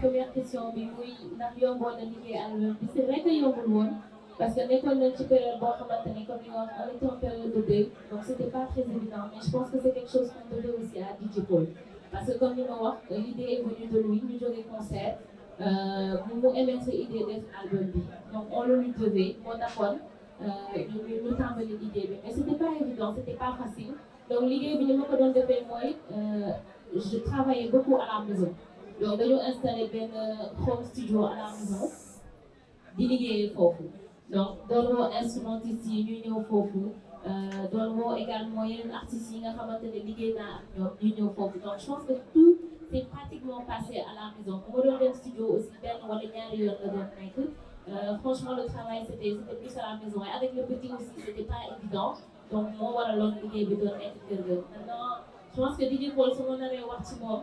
première question bi muy ndax yomboon na liggéey c'est vrai que yombul woon parce que nekkoon nañ ci période boo comme on était en période de donc ce n'était pas très évident mais je pense que c'est quelque chose qu'on devait aussi à DJ Paul parce que comme ni ma wax l'idée est venue de lui ñu jógee concert mu euh, mu émettre idée def album bi donc on le lui devait moo taxoon euh, ñu nous a idée l'idée, mais ce n'était pas évident ce n'était pas facile donc l'idée bi ni ma ko euh, je travaillais beaucoup à la maison donc dañoo installé benn euh, home studio à la maison di liggéey foofu donc doon woo instrumentiste yi ñu ñëw foofu euh, doon woo également yeneen artistes yi nga xamante ne liggéey naa ak ñoom ñu ñëw foofu donc je pense que tout est pratiquement passé à la maison On ma doon dem studio aussi benn wala ñaari yoon la doon nekk euh, franchement le travail c'était c'était plus à la maison et avec le petit aussi c'était pas évident donc moo waraloon liggéey bi doon nekk kër ga maintenant je pense que DJ Paul su ma naree wax ci moom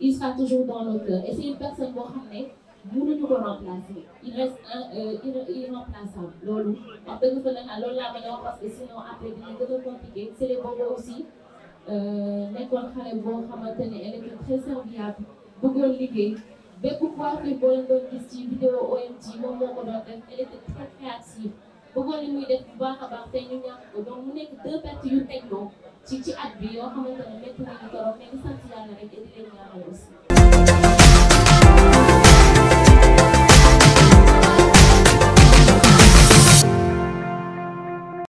il sera toujours dans nos cœurs et c'est une personne boo xam ne mënuñu ko remplacer il reste un euh, Il est irremplaçable, dëgg En nag loolu laa mën a parce que sinon après dina gën a compliqué c'est les boobu aussi Mais euh, xale boo xamante ne elle était très serviable bëggoon liggéey bépp coiffure boo leen doon gis une vidéo OMG moom moo elle était très créative boo bëggoon li muy def bu baax a baax te ñu ñàkk ko mu nekk deux pertes yu teg ci ci at bi yoo xamante ne métti nañu torop mais sant yàlla rek et di leen ñaanal